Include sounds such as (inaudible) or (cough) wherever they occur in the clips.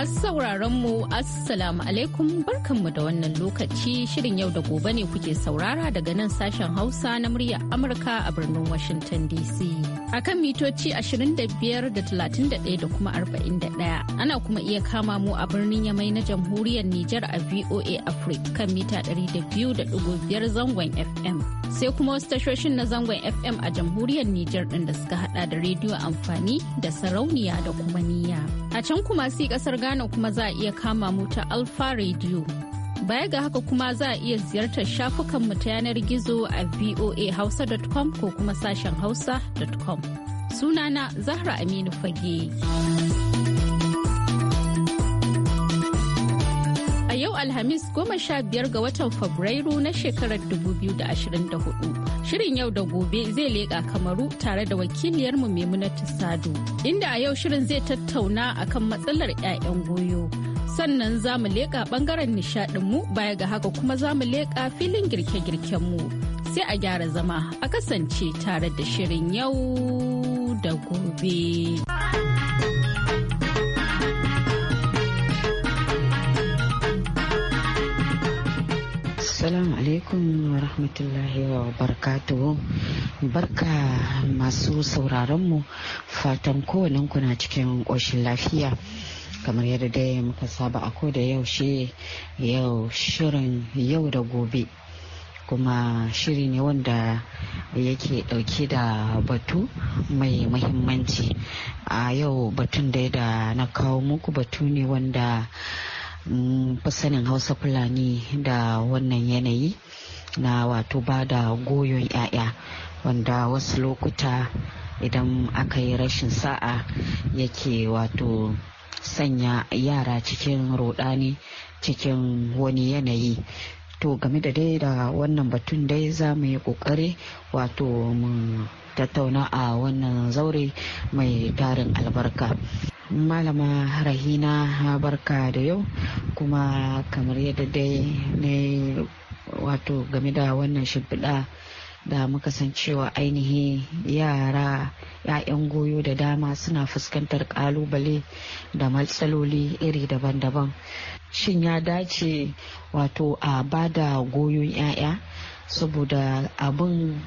Masu sauraron mu Assalamu alaikum barkanmu da wannan lokaci shirin yau da gobe ne kuke saurara daga nan sashen Hausa na murya Amurka a birnin Washington DC. A kan mitoci 25 da 31 da kuma 41 ana kuma iya kama mu a birnin Yamai na jamhuriyar Nijar a VOA Africa kan mita 200.5 zangon FM. sai kuma wasu tashoshin na zangon fm a jamhuriyar Nijar ɗin da suka hada da rediyo amfani da sarauniya da kuma niyya a can kuma si kasar ghana kuma za a iya kama mu ta alfa radio baya ga haka kuma za a iya ziyartar shafukan mu ta yanar gizo a voahausa.com ko kuma sashen hausa.com sunana zahra aminu fage. yau Alhamis goma sha biyar ga watan Fabrairu na shekarar da da ashirin hudu Shirin yau da gobe zai leƙa kamaru tare da wakiliyarmu Maimunatu Sadu, inda a yau shirin zai tattauna akan matsalar 'ya'yan goyo. sannan za mu leƙa ɓangaren nishaɗinmu baya ga haka kuma za mu leƙa filin girke-girkenmu sai a gyara zama a kasance tare da shirin yau da gobe. Assalamu alaikum wa rahmatullahi wa barakatuhu. Barka masu sauraron mu fatan kowannen na cikin ƙoshin lafiya. kamar yadda dai muka saba a ko da yaushe yau shirin yau da gobe kuma shiri ne wanda yake dauke da batu mai muhimmanci. a yau batun da da na kawo muku batu ne wanda Mm, fi sanin hausa fulani da wannan yanayi na wato ba da goyon 'ya'ya wanda wasu lokuta idan aka yi rashin sa'a yake wato sanya yara cikin rudani cikin wani yanayi to game da dai da wannan batun dai za mu yi kokari wato mu tattauna a wannan zaure mai tarin albarka malama rahina barka da yau kuma kamar yadda dai ne wato game da wannan shimfiɗa da muka san cewa ainihi yara 'ya'yan goyo da dama suna fuskantar kalubale da matsaloli iri daban-daban shin ya dace wato a bada goyon 'ya'ya saboda abin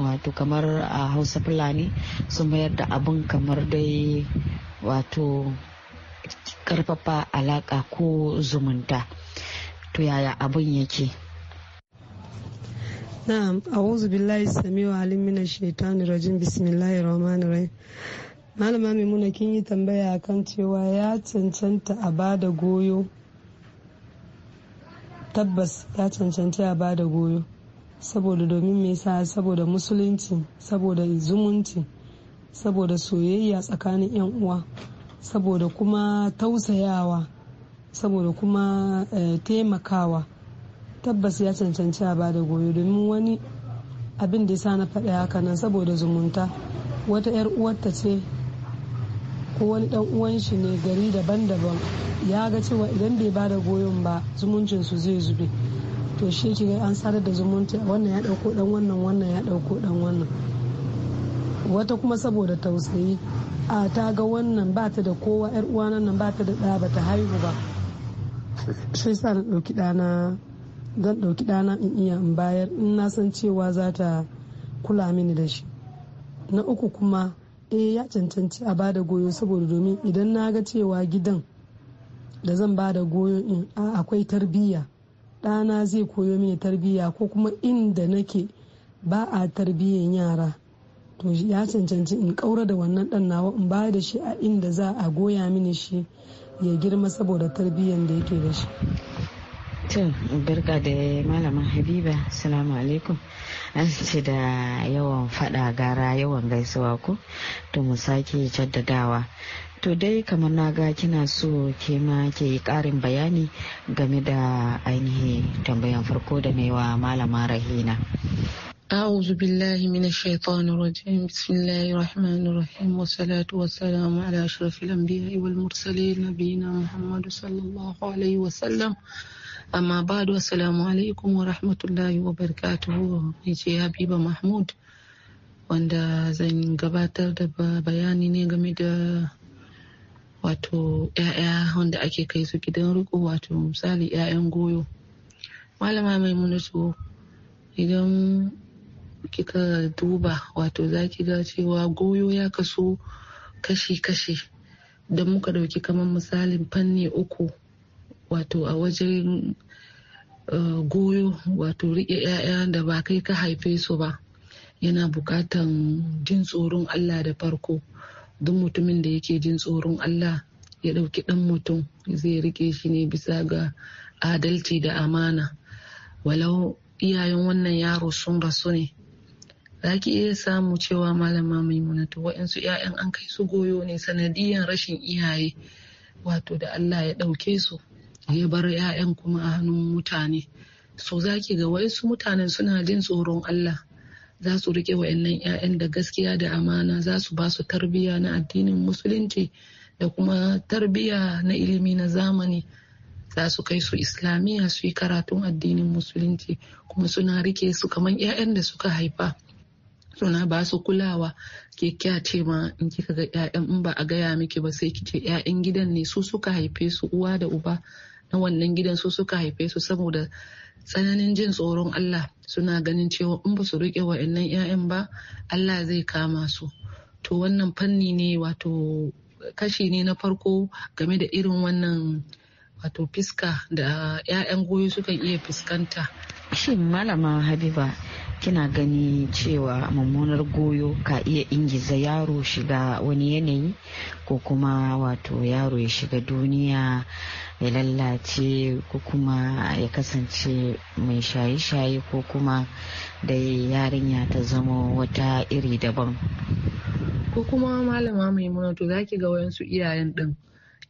wato kamar a hausa fulani sun mayar da abin kamar dai wato karfafa alaka ko zumunta to yaya abin yake na'am a'udhu billahi samiu alim minash shaitani rajim bismillahir rahmanir rahim malama maimuna kin yi tambaya akan cewa ya cancanta a bada goyo tabbas ya cancanta a bada goyo saboda domin me yasa saboda musulunci saboda zumunci saboda soyayya tsakanin 'yan uwa saboda kuma tausayawa saboda kuma eh, taimakawa tabbas ya cancanci a ba da goyo domin wani abin da ya sa na faɗi haka nan saboda zumunta wata 'yar uwarta ce ko wani dan uwan shi ne gari daban-daban ya ga cewa idan bai da goyon ba zumuncin su zai zube to shi ke an sadar da zumunta wannan ya dauko dan wannan wannan ya dauko dan wannan wata kuma saboda tausayi a ta ga wannan ba ta da kowa yar uwanan nan ba ta da ɗa ba ta haihu ba shi sa na ɗauki ɗana zan ɗauki ɗana in iya in bayar in na san cewa za ta kula mini da shi na uku kuma eh ya cancanci a bada goyo saboda domin idan na ga cewa gidan da zan ba da goyo in akwai tarbiyya ɗana zai koyo mini tarbiyya ko kuma inda nake ba a tarbiyyan yara to ya cancanci in ƙaura da wannan ɗan nawa in bayar da shi a inda za a goya mini shi ya girma saboda tarbiyyar da yake da shi. Tun birka da malama Habiba, salamu alaikum. An ce da yawan fada gara yawan gaisuwa ko to mu sake jaddadawa. To dai kamar na ga kina so ke ma ke yi ƙarin bayani game da ainihin tambayan farko da wa malama Rahina. أعوذ بالله من الشيطان الرجيم بسم الله الرحمن الرحيم والصلاة والسلام على أشرف الأنبياء والمرسلين نبينا محمد صلى الله عليه وسلم أما بعد والسلام عليكم ورحمة الله وبركاته نجي حبيبة محمود wanda zan gabatar da bayani ne game da wato 'ya'ya wanda ake kai su gidan riko wato misali 'ya'yan goyo malama mai munatu idan kika duba wato zaki ga cewa goyo ya kaso kashi-kashi da muka dauki kamar misalin fanni uku wato a wajen eh, goyo wato rike 'ya'ya da ba kai ka haife su ba yana bukatan jin tsoron allah da farko duk mutumin da yake jin tsoron allah ya ɗauki ɗan mutum zai rike shi ne bisa ga adalci da amana walau iyayen wannan yaro sun rasu ne za ki iya samu cewa malama maimunatu waɗansu 'ya'yan an kai su goyo ne sanadiyan rashin iyaye wato da allah ya ɗauke su ya bar 'ya'yan kuma a hannun mutane so za ki ga waɗansu mutane suna jin tsoron allah za su riƙe wa'yannan 'ya'yan da gaskiya da amana za su ba su tarbiyya na addinin musulunci da kuma tarbiyya na ilimi na zamani za su kai su islamiyya su yi karatun addinin musulunci kuma suna rike su kamar 'ya'yan da suka haifa suna ba su kulawa ke kya ce ma in kika ga 'ya'yan in ba a gaya miki ba sai kice 'ya'yan gidan ne su suka haife su uwa da uba na wannan gidan su suka haife su saboda tsananin jin tsoron Allah suna ganin cewa in ba su riƙe wa'annan 'ya'yan ba Allah zai kama su to wannan fanni ne wato kashi ne na farko game da irin wannan wato fiska da 'ya'yan goyo sukan iya fuskanta shin malama habiba kina gani cewa mummunar goyo ka iya ingiza yaro shiga wani yanayi ko kuma wato yaro ya shiga duniya ya lallace ko kuma ya kasance mai shaye-shaye ko kuma da yarinya ta zama wata iri daban ko kuma malama maimuna to ki ga wayansu iyayen din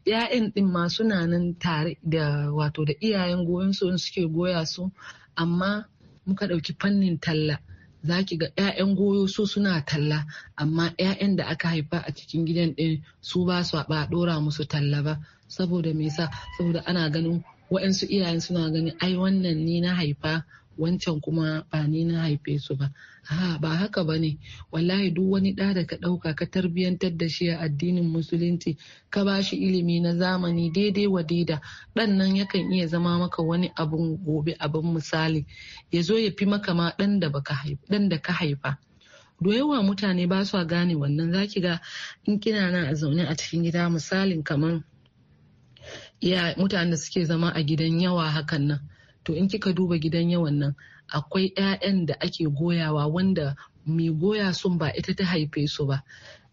‘ya'yan ɗin ma suna nan tare da wato da iyayen goyon su suke goya su amma muka ɗauki fannin talla za ki ga 'ya'yan goyo su suna talla amma 'ya'yan da aka haifa a cikin gidan ɗin su ba su ba ɗora musu talla ba saboda me yasa saboda ana ganin wa'yansu iyayen suna ganin ai wannan ne na haifa wancan kuma ba ni na haife su ba ha ba haka ba ne wallahi duk wani ɗa da ka ɗauka ka tarbiyyantar da shi a addinin musulunci ka ba shi ilimi na zamani daidai wa daida ɗan nan yakan iya zama maka wani abin gobe abin misali ya zo ya fi maka ma ɗan da ka haifa da yawa mutane ba su gane wannan zaki ga in kina na a zaune a cikin gida misalin kamar ya mutane da suke zama a gidan yawa hakan nan to in kika duba gidan yawan nan akwai 'ya'yan da ake goyawa wanda mai goya sun ba ita ta haife su ba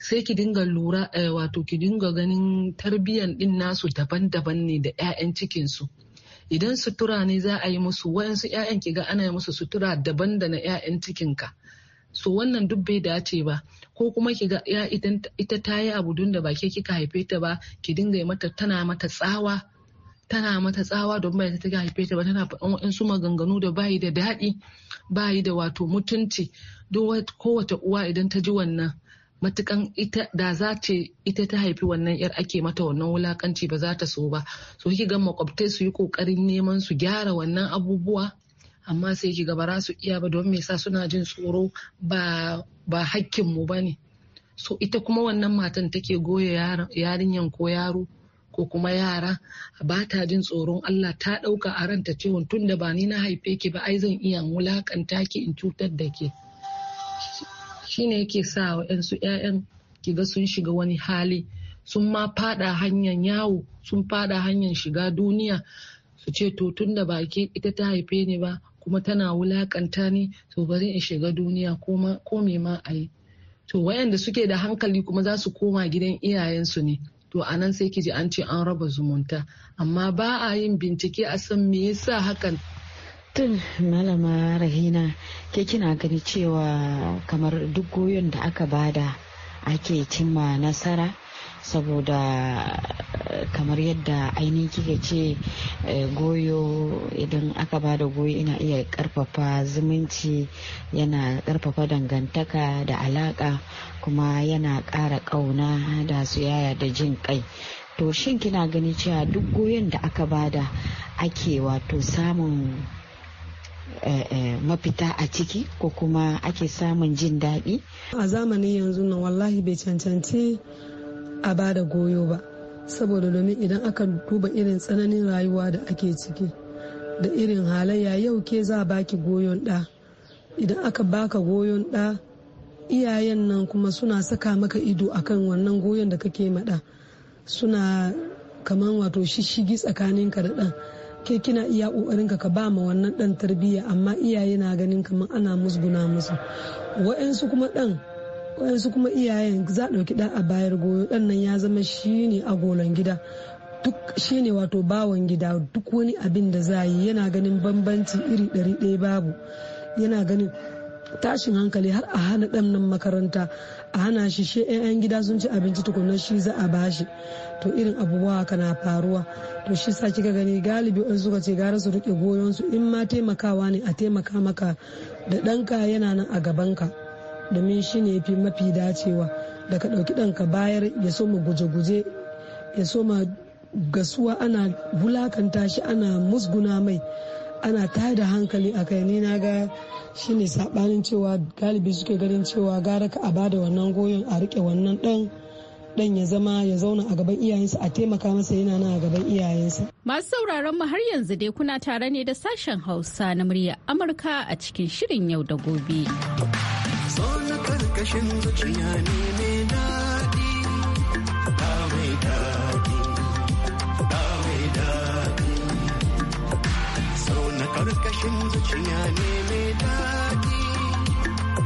sai ki dinga lura eh, wato ki dinga ganin tarbiyan din nasu daban-daban ne da 'ya'yan cikinsu idan sutura ne za a yi musu wayansu 'ya'yan ki ga ana yi musu sutura daban da na 'ya'yan cikinka so wannan duk bai dace ba ko kuma ki ga ya ita ta yi abu da ba ke kika haife ta ba ki dinga yi mata tana mata tsawa tana mata tsawa don bai ta haife ta ba tana faɗan waɗansu maganganu da bayi da daɗi bayi da wato mutunci duk kowace uwa idan ta ji wannan matukan ita da za ce ita ta haifi wannan yar ake mata wannan wulakanci ba za ta so ba so kike ga makwabtai su yi kokarin neman su gyara wannan abubuwa amma sai ki ga ba su iya ba don me sa suna jin tsoro ba ba hakkin mu bane so ita kuma wannan matan take goya yarinyan ko yaro ko kuma yara ba ta jin tsoron Allah ta ɗauka a ranta cewa tun da ba ni na haife ki ba ai zan iya wulakanta ki in cutar da ke shine yake sa wa 'ya'yan ki ga sun shiga wani hali sun ma fada hanyar yawo sun fada hanyar shiga duniya su ce to tun da ba ke ita ta haife ni ba kuma tana wulakanta ni to bari in shiga duniya ko me ma a yi to wayanda suke da hankali kuma za su koma gidan iyayensu ne to a nan sai kiji an ce an raba zumunta amma ba a yin bincike a san me yasa hakan tun malama rahina ke kina gani cewa kamar duk goyon da aka bada ake cimma nasara saboda eh, kamar yadda ainihin kika ce eh, goyo idan aka ba da goyo ina iya karfafa zumunci yana karfafa dangantaka da alaka kuma yana kara kauna da soyayya da jin kai to shin kina gani cewa duk goyon da aka bada ake wato samun eh, mafita a ciki ko kuma ake samun jin daɗi a zamanin yanzu nan wallahi bai cancanci a ba da goyo ba saboda domin idan aka duba irin tsananin rayuwa da ake ciki da irin halayya yau ke za a baki goyon ɗa idan aka baka goyon ɗa iyayen nan kuma suna saka maka ido akan wannan goyon da kake maɗa suna kaman wato shishigi tsakaninka da ɗan ke kina iya ƙoƙarinka ka ba ma wannan ɗan tarbiyya amma iyaye na ganin kamar ana musguna musu wa'yansu kuma ɗan wasu kuma iyayen za ɗauki ɗan a bayar goyo ɗan nan ya zama shi ne a golan gida duk shi ne wato bawan gida duk wani abin da za yi yana ganin bambanci iri ɗari ɗaya babu yana ganin tashin hankali har a hana ɗan nan makaranta a hana shi shi 'yan gida sun ci abinci tukunan shi za a bashi to irin abubuwa kana faruwa to shi sa kika gani galibi wani suka ce gara su rike goyon su in ma taimakawa ne a taimaka maka da ɗanka yana nan a gabanka domin shi ne fi mafi dacewa da ka ɗauki ɗanka bayar ya so mu guje-guje ya so ma gasuwa ana bulakanta shi ana musguna mai ana da hankali a kai na ga shi ne saɓanin cewa galibi suke ganin cewa gara ka a bada wannan goyon a riƙe wannan ɗan dan ya zama ya zauna a gaban iyayensa a taimaka masa yana nan a gaban iyayensa. Masu sauraron mu har yanzu dai kuna tare ne da sashen Hausa na murya Amurka a cikin shirin yau da gobe. Kashin zuciya ne mai daɗi, ba mai daɗi, ba mai daɗi. Sau na ƙarƙashin zuciya ne mai daɗi,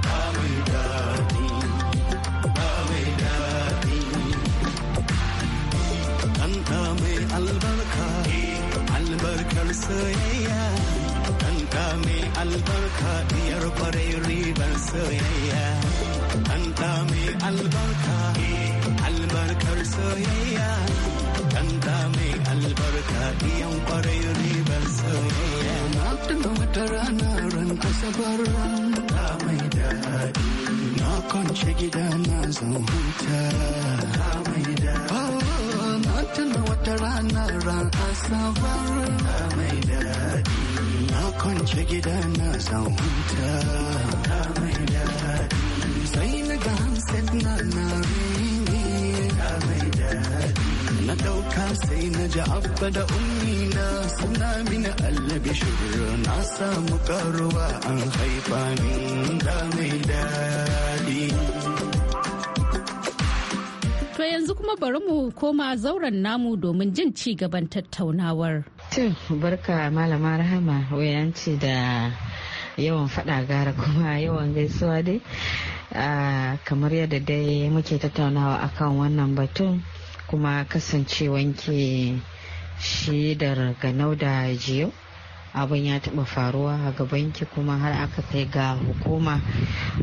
ba mai daɗi, ba mai daɗi. Kanta mai albarka, albarkar soyayya. Ɗanta mai albarka diyar kwarai ribar soyayya. Ɗanta mai albarka, albarkar soyayya. Ɗanta mai albarka diyan kwarai ribar soyayya. Na tuna wata rana ran asabar ta mai daɗi. Na kwance gida na zan huta. mai daɗi. Ah, na tuna wata rana ran ta mai daɗi. kwance gida na zan huta sai na ga hamsin na na na ɗauka sai na ji abba da ummi na suna mini allabi na samu karuwa an haifa min da mai daɗi yanzu kuma bari mu koma zauren namu domin jin ci gaban tattaunawar. To, barka malama rahama wayanci da yawan fada gara kuma (laughs) yawan gaisuwa dai. Ah, kamar yadda dai muke tattaunawa akan wannan batun kuma kasancewanki shi da ganau da jiyo abin ya taɓa faruwa a gabanki kuma har aka kai ga hukuma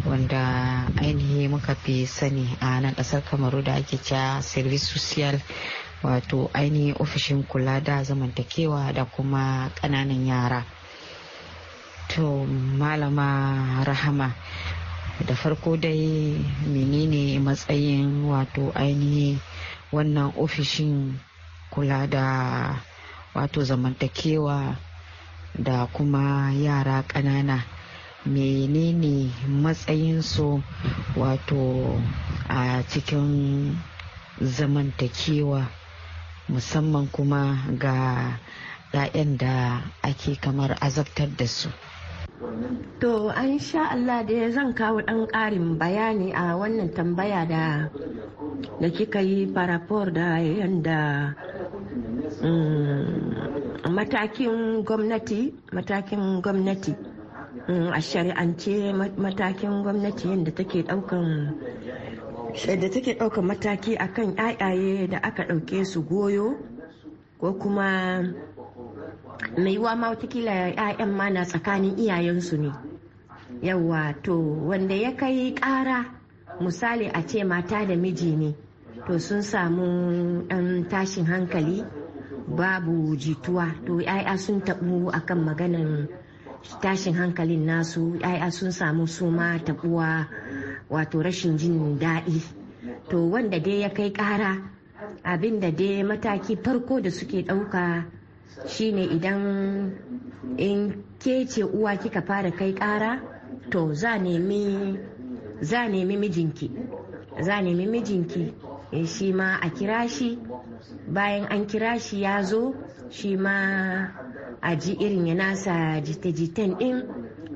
wanda ainihi muka fi sani a nan ƙasar kamaru da ake cewa service social wato ainihin ofishin kula da zamantakewa da kuma ƙananan yara to malama rahama da farko dai menene matsayin wato ainihin wannan ofishin kula da wato zamantakewa da kuma yara ƙanana menene su wato a cikin zamantakewa musamman kuma ga 'ya'yan da ake kamar azabtar da su To an sha Allah da zan kawo ɗan ƙarin bayani a wannan tambaya da da kika yi farafor da yadda mm, matakin gwamnati matakin gwamnati mm, a shari'ance matakin gwamnati yadda take daukan da take daukan mataki akan yayaye da aka dauke su goyo ko kuma mai yiwa ma watakila 'ya'yan ma na tsakanin iyayensu ne yawa to wanda ya kai kara misali a ce mata da miji ne to sun samu dan tashin hankali babu jituwa to ya'ya sun tabu akan maganan tashin hankalin nasu ya'ya sun samu suma tabuwa wato rashin jin daɗi to wanda dai ya kai ƙara abinda da dai mataki farko da suke ɗauka shine idan in kece uwa kika fara kai ƙara to za nemi mijinki za nemi mijinki Eh, shi ma a kira shi bayan an kira shi ya zo shi ma a ji irin ya nasa jita-jitan din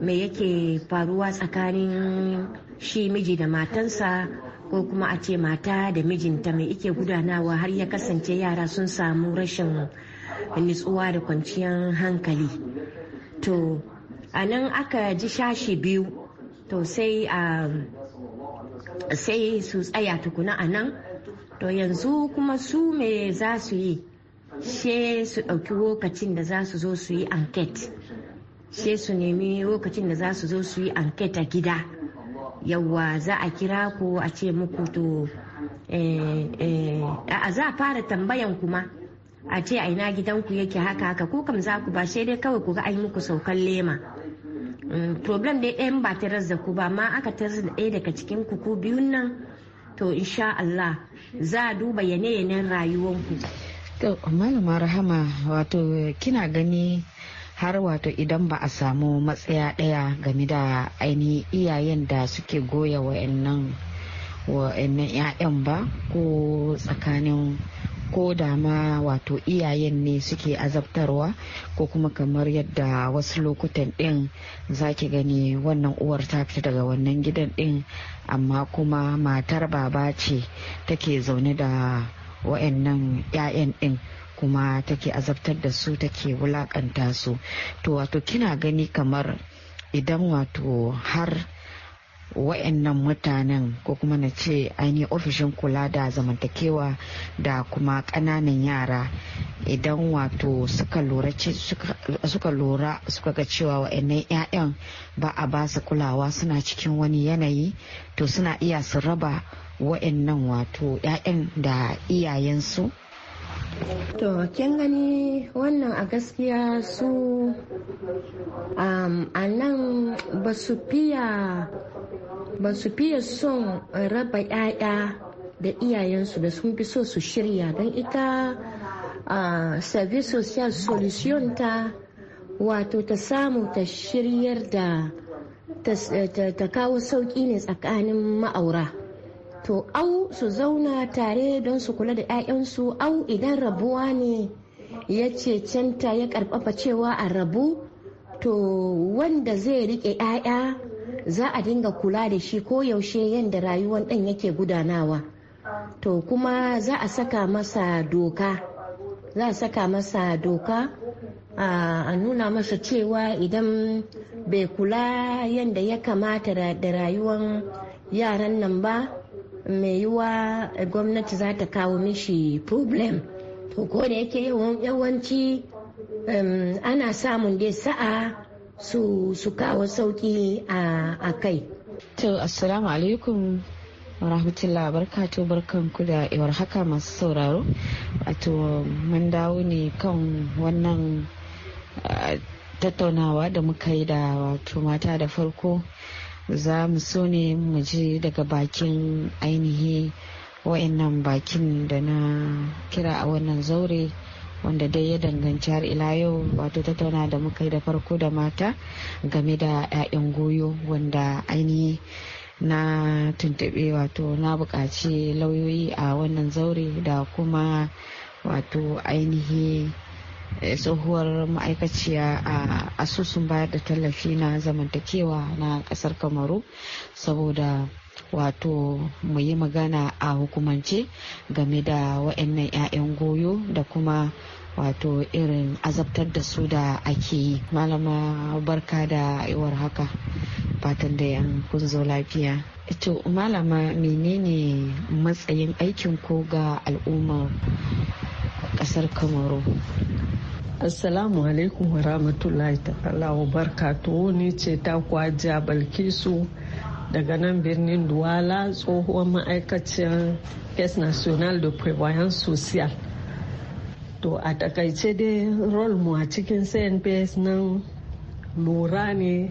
me yake faruwa tsakanin shi miji da matansa ko kuma a ce mata da mijinta mai ike gudanawa har ya kasance yara sun samu rashin nutsuwa da kwanciyar hankali to a nan aka ji shashi biyu to sai ah, sai su tsaya tukuna a nan to yanzu kuma su me za su yi she su ɗauki lokacin da za su zo su yi anket she su nemi lokacin da za su zo su yi anket a gida yawa za a kira ku a ce muku to eh, eh, a za a fara tambayan kuma a ce a ina gidanku yake haka haka ko kam za ku ba sai dai kawai ku ga an muku saukan lema mm, problem dai ɗayan ba ta razzaku ba ma aka tarar da ɗaya daga cikin ku ko biyun nan to insha Allah za a duba yane-yanen rayuwanku. To malama rahama wato kina gani har wato idan ba a samu matsaya ɗaya game da ainihin iyayen da suke goya wa'annan 'ya'yan ba ko tsakanin ko da ma wato iyayen ne suke azabtarwa ko kuma kamar yadda wasu lokutan ɗin zaki gani wannan uwar ta fita daga wannan gidan ɗin amma kuma matar baba ce take zaune da wa'annan 'ya'yan ɗin kuma take azabtar da su take wulakanta su to wato kina gani kamar idan wato har wa'annan mutanen ko kuma na ce ainihin ofishin kula da zamantakewa da kuma ƙananan yara idan wato suka lura suka ga cewa wa'annan 'ya'yan ba a ba su kulawa suna cikin wani yanayi to suna iya su raba wa'annan wato 'ya'yan da iyayensu To, kin gani wannan a gaskiya su um, a nan ba su fiya son raba 'ya'ya da iyayensu da sun fi so su shirya don ita uh, service social solution ta wato ta samu ta shiryar da ta kawo sauƙi ne tsakanin ma'aura. to au su zauna tare don su kula da 'ya'yansu au idan rabuwa ne ya cecenta ya karfafa cewa a rabu to wanda zai rike 'ya'ya za a dinga kula da shi ko yaushe yadda rayuwan ɗan yake gudanawa to kuma za a saka masa doka za a saka masa doka a nuna masa cewa idan bai kula yadda ya kamata da rayuwan yaran nan ba mai yiwa gwamnati za ta kawo mishi problem to ko da yake yawanci um, ana samun dai sa'a su, kawo sauki a, kai to assalamu alaikum rahmatullah to barkan ku da iwar haka masu sauraro wato mun dawo ne kan wannan uh, tattaunawa da muka yi da wato mata da farko za mu so ne mu ji daga bakin ainihi wa'annan bakin da na kira a wannan zaure wanda dai ya danganci har ila yau wato tattauna da muka yi da farko da mata game da 'ya'yan goyo wanda ainihi na tuntube wato na buƙaci lauyoyi a wannan zaure da kuma wato ainihi Eh, tsohuwar ma'aikaciya a asusun bayar da tallafi na zamantakewa na kasar kamaru saboda wato mu yi magana a hukumance game da waɗannan 'ya'yan goyo da kuma wato irin azabtar da su da ake yi malama barka da yawar haka fatan da yan kun zo lafiya eh, to malama menene matsayin aikin ko ga al'ummar kasar kamaru Assalamu alaikum wa rahmatullahi ta'ala wa barkatu ni ce ta kwaja Balkisu daga nan birnin Duwala tsohuwar ma'aikaciyar Caisse National de Prévoyance Social. To a takaice dai rol mu a cikin CNPS nan lura ne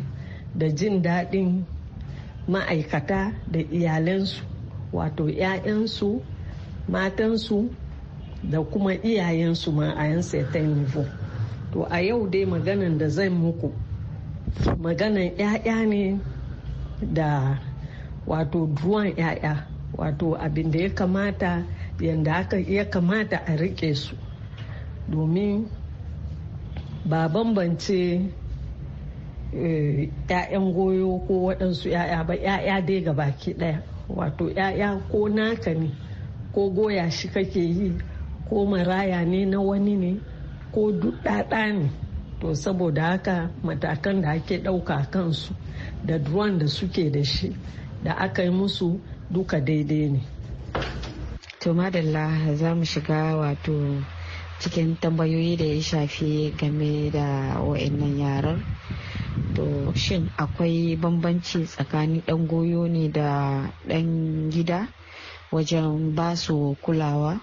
da jin daɗin ma'aikata da iyalansu wato 'ya'yansu matansu da kuma iyayensu ma a yan setan niveau to a yau dai maganan da zan muku maganan 'ya'ya ne da wato duwan 'ya'ya wato abin da ya kamata yadda aka ya kamata a rike su domin ba bambance ‘ya'yan eh, goyo ko waɗansu ‘ya'ya ba ‘ya'ya dai ga baki ɗaya wato ‘ya'ya ko naka ne ko goya shi kake yi ko maraya ne na wani ne ko duɗaɗa ne to saboda haka matakan da ake ɗauka kansu da duwan da suke da shi da aka yi musu duka daidai ne to madalla za mu shiga wato cikin tambayoyi da ya shafi game da wa'annan yaran to shin akwai bambanci tsakanin ɗan goyo ne da ɗan gida wajen basu kulawa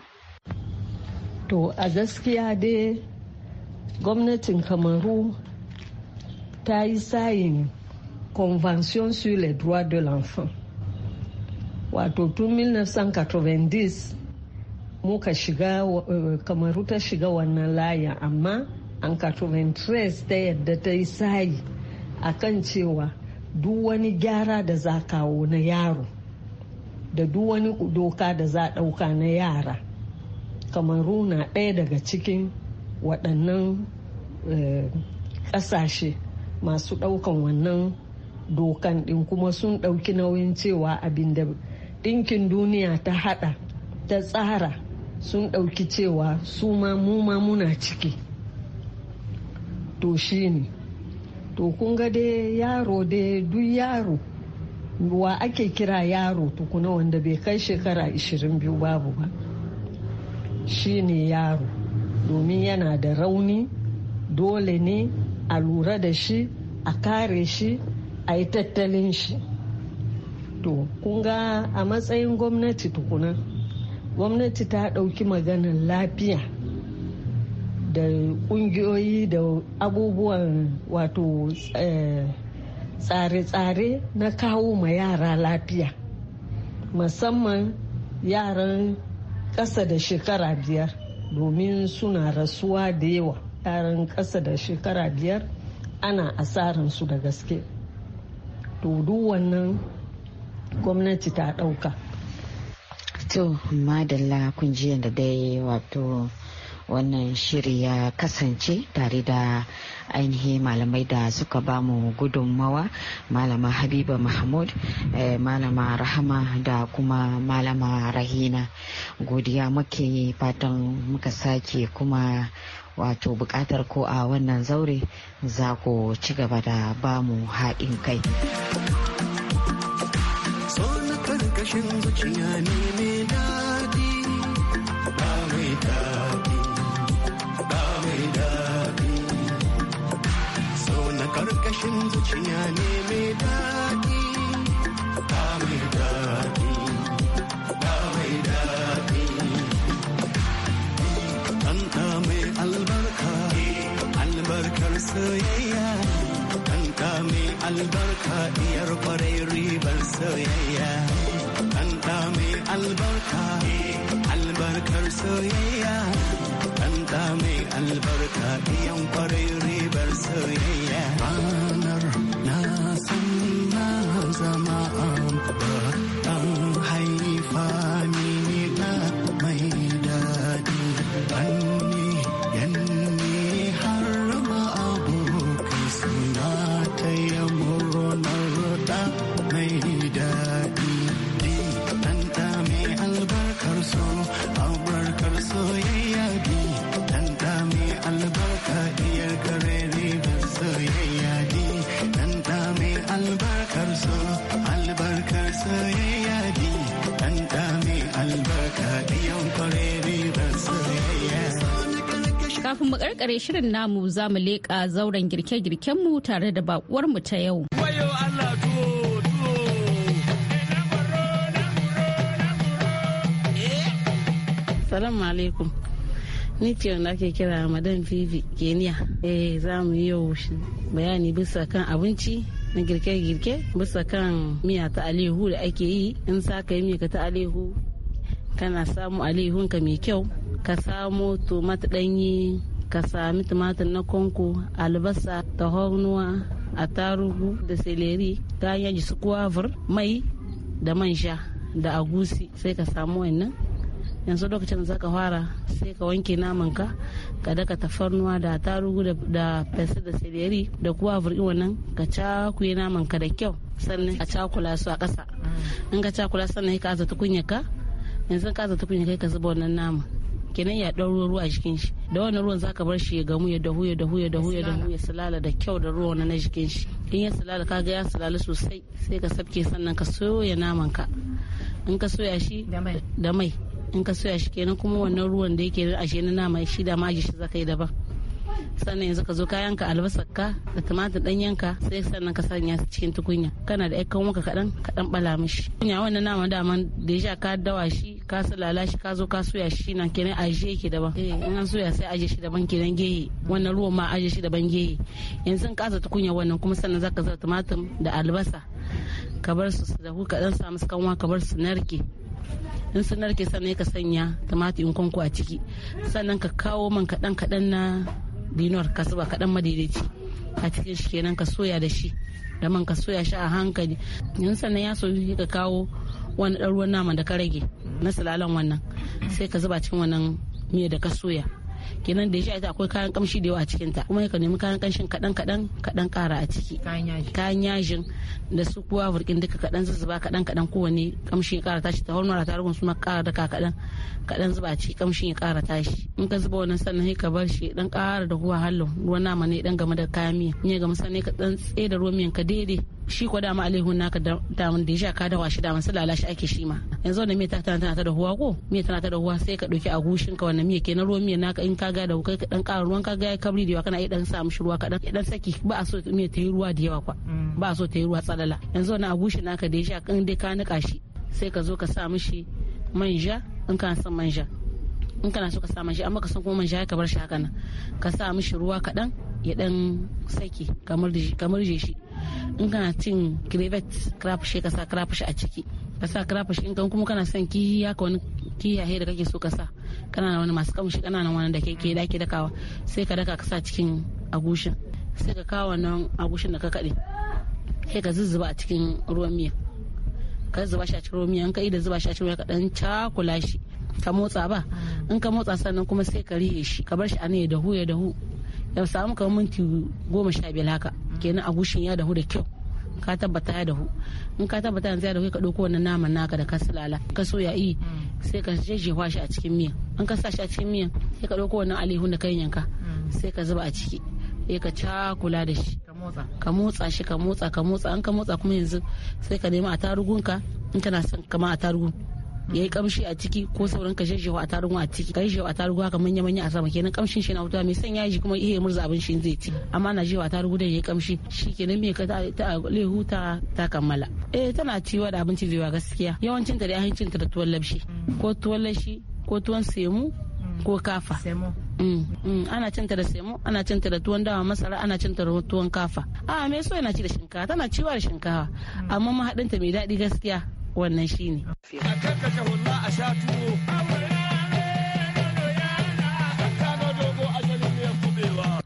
to a gaskiya dai gwamnatin kamaru ta yi sayin convention sur les droits de l'enfant wato tun 1990 muka shiga eh, kamaru ta shiga wannan layin amma an 93 ta yadda ta yi sayi a kan cewa duk wani gyara da za kawo na yaro da duk wani doka da za ɗauka na yara kamaru na ɗaya daga cikin waɗannan eh, ƙasashe masu ɗaukan wannan dokan ɗin kuma sun ɗauki nauyin cewa abin da ɗinkin duniya ta haɗa ta tsara sun ɗauki cewa su ma mu muna ciki to shi ne to kun ga dai yaro dai duk yaro wa ake kira yaro tukuna wanda bai kai shekara 22 babu ba shine yaro domin yana da rauni dole ne a lura da shi a kare shi a yi tattalin shi to kunga a matsayin gwamnati tukuna gwamnati ta ɗauki maganin lafiya da ƙungiyoyi da abubuwan wato eh, tsare-tsare na kawo ma yara lafiya musamman yaran ƙasa da shekara biyar domin suna rasuwa da yawa yaran ƙasa da shekara biyar ana su da gaske to duk wannan gwamnati ta ɗauka to madalla kun jiya da dai wato wannan shiri ya kasance tare da ainihi malamai da suka ba mu gudunmawa malama habiba mahmud eh, malama rahama da kuma malama rahina godiya muke fatan muka sake kuma wato bukatar ko a wannan zaure za ku ci gaba da ba mu haɗin kai. Sonatar kashin zuciya ne karkashin zuciya ne mai daɗi ba mai daɗi ba mai daɗi ɗanɗa mai albarka albarkar soyayya ɗanɗa mai albarka ɗiyar kwarai ribar soyayya ɗanɗa mai albarka albarkar soyayya ɗa mai albarka ɗiyan kwarai ribar soyayya ranar na san na zama an kafin mu karkare shirin namu za mu leƙa zauren girke-girkenmu tare da bakuwar mu ta yau. Salam alaikum. Ni ce wanda ake kira Madan Vivi Keniya. Eh za mu yi yau bayani bisa kan abinci na girke-girke bisa kan miya ta alihu da ake yi in sa ka yi miya ta alihu kana samu alehunka mai kyau ka samo tomat ɗanyi ka sami tumatir na konko albasa a tarugu da seleri kayan yaji su kuwavir mai da man sha da agusi sai ka samu wannan yanzu lokacin da zaka fara sai ka wanke naman ka ka daka tafarnuwa da tarugu da fesa da seleri da kuwavir in wannan ka cakuye naman ka da kyau sannan ka cakula su a ƙasa mm. in ka cakula sannan ka aza ka yanzu ka aza kai ka zuba wannan naman kenan ya ɗau ruwa a jikin shi da wannan ruwan zaka bar shi ya gamu ya dahu ya dahu ya dahu ya dahu ya salala da kyau da ruwan na jikin shi in ya salala kaga ya salala sosai sai ka sabke sannan ka soya naman ka in ka soya shi da mai in ka soya shi kenan kuma wannan ruwan da yake ashe na nama shi da ma shi zaka yi daban sannan yanzu ka zo kayan ka albasar ka da tumatir dan yanka sai sannan ka sanya su cikin tukunya kana da ƴan muka kaɗan kaɗan bala mishi tukunya wannan nama daman da ya ka dawa shi ka su lalashi ka zo ka soya shi na kenan aje yake daban eh, in an soya sai ajiye shi daban kenan gehe wannan ruwan ma ajiye shi daban gehe yanzu in kasa tukunya wannan kuma sannan zaka zara tumatir da albasa ka bar su su dahu ka dan sa musu kanwa ka bar su narke in su narke sannan ka sanya tumatir in kwanko a ciki sannan ka kawo man kaɗan kaɗan na dinar ka zuba kaɗan madaidaici a cikin shi kenan ka soya da shi da man ka soya shi a hankali yanzu sannan ya soyu ka kawo wani ɗan ruwan naman da ka rage na sulalan wannan sai ka zuba cikin wannan miya da ka soya kenan da ya ita akwai kayan kamshi da yawa a cikin ta kuma ka nemi kayan kamshin kadan kadan kadan kara a ciki kayan yajin da su kuwa burkin duka kadan zuzuba kadan kadan kowane kamshi ya kara tashi ta hormona ta rugun suna kara daka kadan kadan zuba a ciki kamshin ya kara tashi in ka zuba wannan sannan sai ka bar shi dan kara da kuwa hallo ruwan nama ne dan game da kayan miya in ya gamu sannan ka dan tsaye da ruwan miyan ka daidai shi ko dama alaihu naka da da ya ka washi da mun sulala shi ake shi ma yanzu wannan me ta tana ta da huwa ko miya tana ta da huwa sai ka dauki agushin ka wannan miya ke na ruwan miya naka in ka ga da kai ka dan ƙara ruwan ka ga ya kabri da yawa kana iya dan sa mishi ruwa kadan dan saki ba a so miya ta yi ruwa da yawa kwa mm. ba a so ta yi ruwa tsalala yanzu wannan agushin naka da ya kan dai ka nika shi sai ka zo ka sa mishi manja in ka san manja in kana so ka sa manja amma ka san kuma manja ka bar shi haka nan ka sa mishi ruwa kadan ya dan saki kamar kamar shi in kana cin crevet crayfish ka sa crayfish a ciki ka sa crayfish in kan kuma kana son kihi ka wani kiyaye da kake so ka sa kana wani masu kamshi kana wani da daki da kawa sai ka daka ka sa cikin agushin sai ka kawo wannan agushin da ka kaɗe sai ka zuzzuba a cikin ruwan miya ka zuba shi a cikin ruwan miya in ka da zuba shi a cikin ruwan ka dan cakula shi ka motsa ba in ka motsa sannan kuma sai ka rihe shi ka bar shi a ne ya dahu ya dahu ya samu kamar minti goma sha biyar haka kenan a gushin ya dahu da kyau ka tabbata ya dahu in ka tabbata yanzu ya dahu ka ɗauko wannan naman naka da ka silala ka soya yi sai ka jejjewa shi a cikin miya in ka sa shi a cikin miya sai ka ɗauko wannan alihun da kan yanka sai ka zuba a ciki sai ka cakula da shi ka motsa shi ka motsa ka motsa an ka motsa kuma yanzu sai ka nemi a tarugunka in kana son kama a tarugun ya yi kamshi a ciki ko sauran ka jajjewa a tarugu a ciki ka jajjewa a tarugu haka manya manya a sama kenan kamshin shi na wuta mai sanya shi kuma iya murza abin shi zai ci amma na jewa a tarugu da ya yi kamshi shi kenan me ka ta lehu ta ta kammala eh tana ciwa da abinci zai gaskiya yawancin ta da ahincin ta da tuwon labshi ko tuwon lashi ko tuwon semu ko kafa mm, mm. ana cinta da semo ana cinta da tuwon dawa masara ana cinta da tuwon kafa a ah, me so yana ci da shinkafa tana ciwa da shinkafa mm. amma mahaɗinta mai daɗi gaskiya wannan ne A kan a sha tuwo.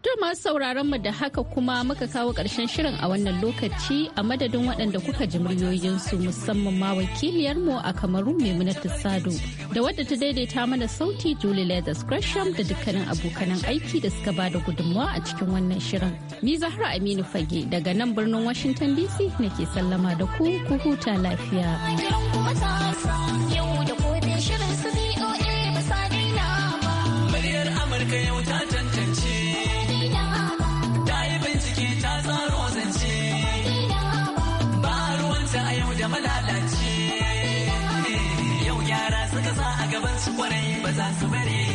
To masu sauraron mu da haka kuma muka kawo ƙarshen shirin a wannan lokaci a madadin waɗanda kuka ji su musamman ma wakiliyarmu a Kamaru Maimunatu Sado da wadda ta daidaita mana sauti Julie Leathers Gresham da dukkanin abokanan aiki da suka ba da gudunmawa a cikin wannan shirin. Ni Zahra Aminu Fage daga nan birnin Washington DC nake sallama da ku ku huta lafiya. I so many